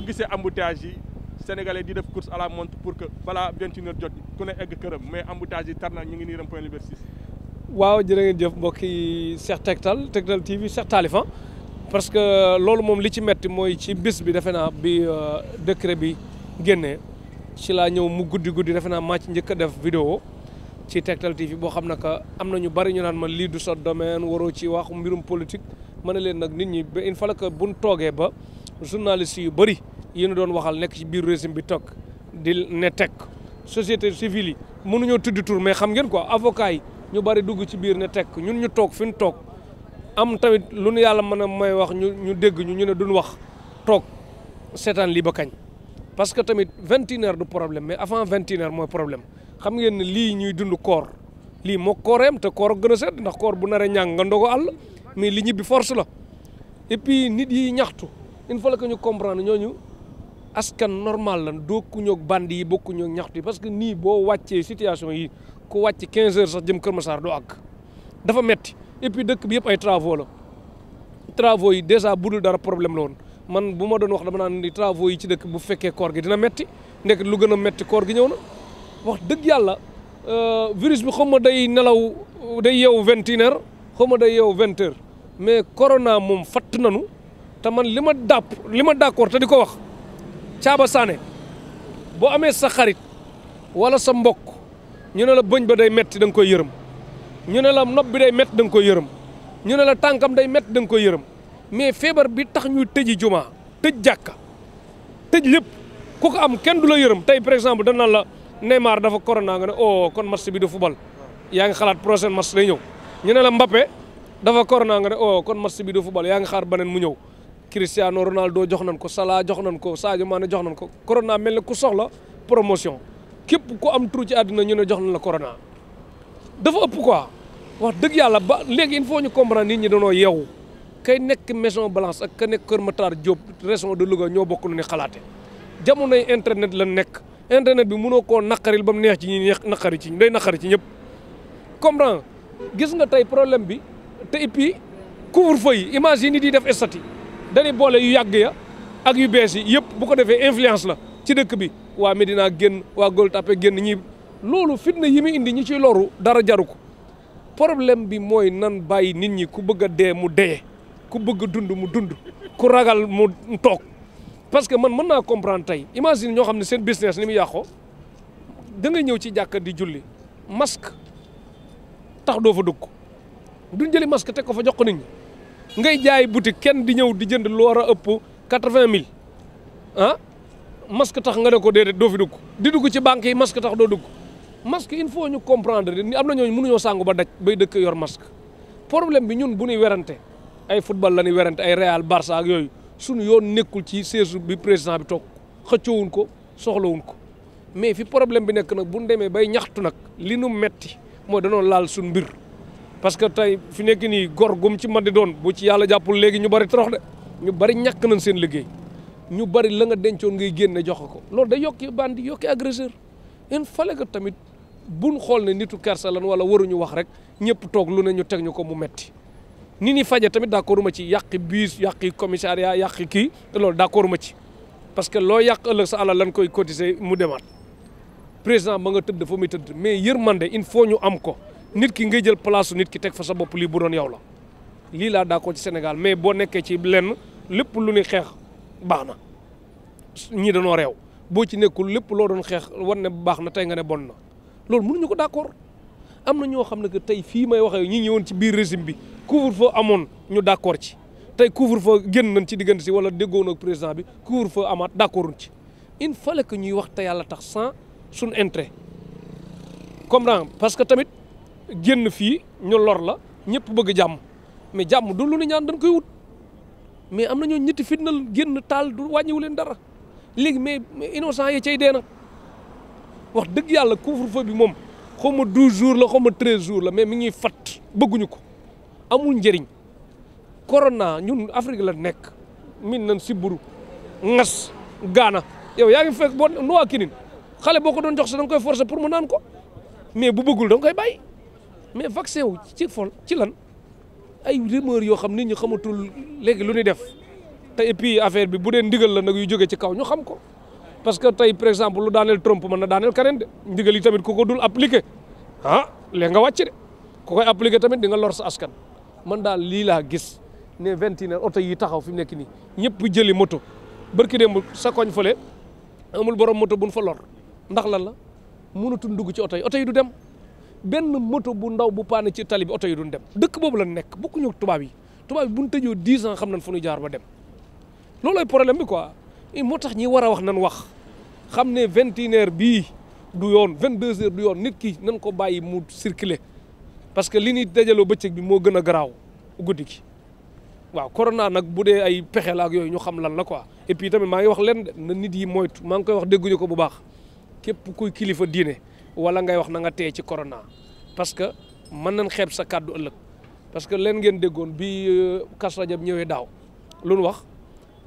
noo gisee embouteillage yi sénégalais di def course à la montre pour que bala vingt une heure jot ku ne egg këram mais embouteillage yi tar ñu ngi nii rond point Liberté 6 waaw jërë ngeen jëf mbokk yi Cheikh Tektal Tektal TV Cheikh Talifan ah. parce que loolu moom li ci metti mooy ci bis bi defe naa bi euh, décret bi génnee ci laa ñëw mu guddi guddi defe naa maa ci njëkk a def vidéo ci Tektal TV boo xam ne que am na ñu bari ñu naan ma lii du sa domaine waroo ci wax mbirum politique ma ne leen nag nit ñi ba il faut que buñ toogee ba. journaliste yu bëri yi ñu doon waxal nekk ci biir régime bi toog di ne teg société civile yi mënuñoo tudd tur mais xam ngeen quoi avocat yi ñu bari dugg ci biir ne teg ñun ñu toog fi ñu toog am tamit lu nu yàlla mën a may wax ñu ñu dégg ñu ñu ne dun wax toog seetaan lii ba kañ parce que tamit vingt et une du problème mais avant vingt et une mooy problème xam ngeen ne lii ñuy dund koor lii moo kooreem te koor gën a sedd ndax koor bu naree ñàng nga ndogo àll mais li ñibbi force la et nit yi ñaxtu il faut que ñu comprendre ñooñu askan normal lan bokkuñu ak bandi yi bokkuñu ak ñaxtu yi parce que nii boo wàccee situation yi ku wàcc 15 heures sax jëm Kër Massar doo àgg dafa metti et puis dëkk bi yëpp ay travaux la travaux yi bu dul dara problème la woon man bu ma doon wax dama naan ni travaux yi ci dëkk bu fekkee koor gi dina metti ndekk lu gën a metti koor gi ñëw na wax dëgg yàlla euh, virus bi xaw ma day nelaw day yeewu vingt et day yeewu vingt mais corona moom fatt nanu te man li ma dàpp li ma d'accord te di ko wax Caaba Sané boo amee sa xarit wala sa mbokk ñu ne la bëñ ba day metti da nga koy yërëm ñu ne la nopp bi day metti danga koy yërëm ñu ne la tànkam day metti da nga koy yërëm mais feebar bi tax ñuy tëji jumaa tëj jàkka tëj lépp ku ko am kenn du la yërëm tey par exemple dañ naan la Neymar dafa corona nga ne oh kon match bi du football yaa ngi xalaat prochain match day ñëw ñu ne la Mbappé dafa corona nga ne oh kon match bi du football yaa ngi xaar baneen mu ñëw Cristiano Ronaldo jox nañ ko Salah jox nañ ko Sadio Mané jox nañ ko Corona mel ne ku soxla promotion képp ku am tur ci àddina ñu ne jox nañ la korona dafa ëpp quoi wax dëgg yàlla ba léegi il faut ñu comprendre nit ñi danoo yeewu kay nekk Maison Blanche ak ka nekk Kër Matar Diop région de Louga ñoo bokk na ne xalaate jamonoy internet la nekk internet bi mënoo koo naqaril ba mu neex ci ñi naqari ci day naqari ci ñëpp comprendre gis nga tey problème bi te et puis couvre-feu yi image def estati dañuy boole yu yàgg ya ak yu bees yi yëpp bu ko defee influence la ci dëkk bi waa Medina génn waa Gueule génn ñi loolu fitna yi mu indi ñi ciy loru dara jaru ko problème bi mooy nan bàyyi nit ñi ku bëgg a dee mu dee ku bëgg dund mu dund ku ragal mu toog parce que man mën naa comprendre tey imagine ñoo xam ne seen business ni mu yàqoo da ñëw ci jàkka di julli masque tax doo fa dugg duñ jëli masque teg ko fa jox ko nit ñi ngay jaay boutique kenn di ñëw di jënd lu a ëpp quatre-vingt mille ah masque tax nga ne ko déedéet doo fi dugg di dugg ci banque yi masque tax doo dugg masque il faut ñu comprendre ni am na ñooñu mënuñoo sàngu ba daj bay dëkk yor masque problème bi ñun bu ñuy werante ay football la ñuy werante ay Real Barça yooyu suñu yoon nekkul ci siège bi président bi toog xëccoowuñ ko soxlawuñ ko mais fi problème bi nekk nag bu ñu demee bay ñaxtu nag li nu metti mooy danoon laal suñu mbir parce que tey fi nekk nii gor gum ci man di doon bu ci yàlla jàppul léegi ñu bari torox de ñu bari ñàkk nañ seen liggéey ñu bari la nga dencoon ngay génne jox ko loolu day yokki bandi yokki agresseur il fallait que tamit buñ xool ne nitu kersa lan wala waruñu wax rek ñëpp toog lu ne ñu teg ñu ko mu metti ni ni faje tamit d'accord ma ci yàqi biis yàqi commissariat yàqi kii loolu d'accord ma ci parce que loo yàq ëllëg sa alal lan koy cotiser mu demaat président ba nga tëdd fa muy tëdd mais yërmande il faut ñu am ko nit ki ngay jël place nit ki teg fa sa bopp lii bu doon yow la lii la daa ko ci Sénégal mais boo nekkee ci lenn lépp lu ni xeex baax na ñii danoo réew boo ci nekkul lépp loo doon xeex war ne baax na tey nga ne bon na loolu mun ñu ko d'accord am na ñoo xam ne que tey fii may waxee ñi ñëwoon ci biir régime bi couvre-feu amoon ñu d'accord ci tey couvre-feu génn nañ ci diggante si wala déggoon ak président bi couvre-feu amaat d'accorduñ ci il fallait que ñuy wax te yàlla tax sans suñ intérêt comprendre parce génn fii ñu lor la ñëpp bëgg jàmm mais jàmm du lu ni ñaan dañ koy wut mais am na ñoo ñetti fitnal génn taal du wàññiwu leen dara léegi mais innocent yi cay dee na wax dëgg yàlla couvre-feu bi moom xaw ma douze jours la xaw ma treize jours la mais mi ngi fat bëgguñu ko amul njëriñ corona ñun Afrique la nekk min nañ si buru ngas gaana yow yaa ngi fekk boo nuwaa kinin xale boo ko doon jox sa da nga koy forcer pour mu naan ko mais bu bëggul da koy bàyyi mais vaccin wu ci fol ci lan ay rumeur yoo xam nit ñi xamatul léegi lu ñuy def te et puis affaire bi bu dee ndigal la nag yu jóge ci kaw ñu xam ko parce que tey par exemple lu daaneel Trump mën na daaneel keneen de ndigal yi tamit ku ko dul appliqué ah léegi nga wàcc de ku koy appliqué tamit di nga lor sa askan man daal lii laa gis ne vingt oto yi taxaw fi mu nekk nii ñëpp jëli moto barki démb sa koñ fële amul borom moto bun fa lor ndax lan la mënatul dugg ci oto yi oto yi du dem benn moto bu ndaw bu paane ci tali bi oto yi duñ dem dëkk boobu lañ nekk bokkuñu tubaab yi tubaab yi bu ñu tëjoo dix ans xam nañ fu ñu jaar ba dem loolooy problème bi quoi eh, moo tax ñi war a wax nan wax xam ne vingt et une heures du yoon vingt deux heures du yoon nit ki nan ko bàyyi mu circuler parce que li ñuy dajaloo bëccëg bi moo gën a garaaw guddi ki waaw corona nag bu dee ay pexe la yooyu ñu xam lan la quoi et puis tamit maa ngi wax leen na nit yi moytu maa ngi koy wax dégguñu ko bu baax képp kuy kilifa diine wala ngay wax na nga tey ci corona parce que mën nañ xeeb sa kàddu ëllëg parce que leen ngeen déggoon bi euh, Kazu Rajab ñëwee daaw lu nu wax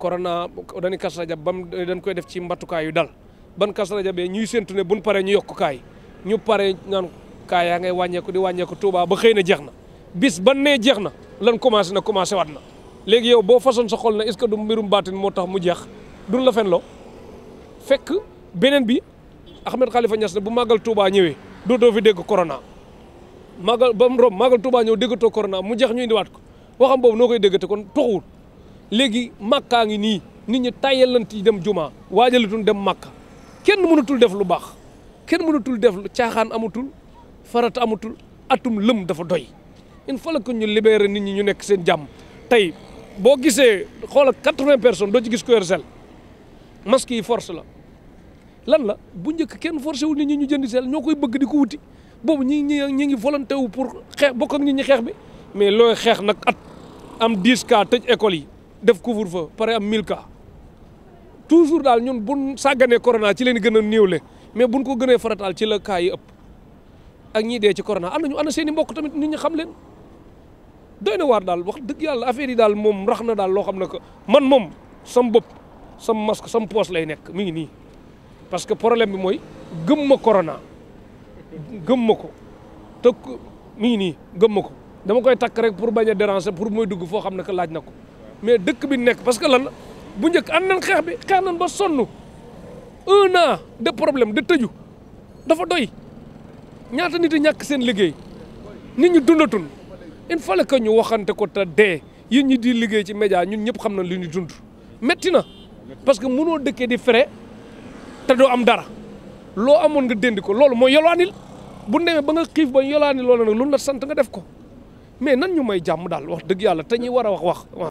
corona dañu Kazu Rajab bam dañ koy def ci mbatukaay yu dal ban Kazu Rajab bee ñuy séntu ne buñ paree ñu yokk kaay ñu pare naan kaay yaa ngay wàññeeku di wàññeeku Touba ba xëy na jeex na bis ban nee jeex na lan commencé na commencé waat na léegi yow boo façon sa xol na est-ce que du mbirum baatin moo tax mu jeex duñ la fen fekk beneen bi Ahmed Khalifa Niass ne bu màggal Touba ñëwee dootoo fi dégg korona màggal ba mu romb màggal Touba ñëw déggatoo korona mu jeex ñu indiwaat ko waxam boobu noo koy déggate kon toxuwut léegi màkkaa ngi nii nit ñi tàyyalanti dem jumaa waajal waajalatuñ dem màkka kenn mënatul def lu baax kenn mënatul def caaxaan amatul farata amatul atum lëm dafa doy in faut que ñu libérer nit ñi ñu nekk seen jàmm tey boo gisee xoolal quatre-vingts personnes doo ci gis ko yor sel masque yi force la lan la bu njëkk kenn forcé wul nit ñi ñu jënd seel ñoo koy bëgg di ko wuti boobu ñi ñi ñi ngi volonté wu pour xeex bokk ak nit ñi xeex bi mais looy xeex nag at am 10 cas tëj école yi def couvre-feu pare am mil cas toujours daal ñun buñ sàgganee corona ci leen gën a néewle mais buñ ko gënee farataal ci la cas yi ëpp ak ñii dee ci corona am nañu ana seen i mbokk tamit nit ñi xam leen doy ne waar daal wax dëgg yàlla affaire yi daal moom rax na daal loo xam ne que man moom sam bopp sam masque sam poos lay nekk mi ngi nii parce que problème bi mooy gëm ma corona gëm ma ko te mi ngi nii gëm ma ko dama koy takk rek pour bañ a déranger pour mooy dugg foo xam ne que laaj na ko mais dëkk bi nekk parce que lan bu njëkk an nañ xeex bi xeex nañ ba sonn un an de problème de tëju dafa doy ñaata nit a ñàkk seen liggéey nit ñu dundatul il fallait que ñu waxante ko te dee yéen ñu di liggéey ci média ñun ñëpp xam na li ñu dund metti na parce que mënoo dëkkee di fere te doo am dara loo amoon nga déndi ko loolu mooy yolwaanil bu demee ba nga xiif ba yolwaani loolu nag lu la sant nga def ko mais nan ñu may jàmm daal wax dëgg yàlla te war a wax wax.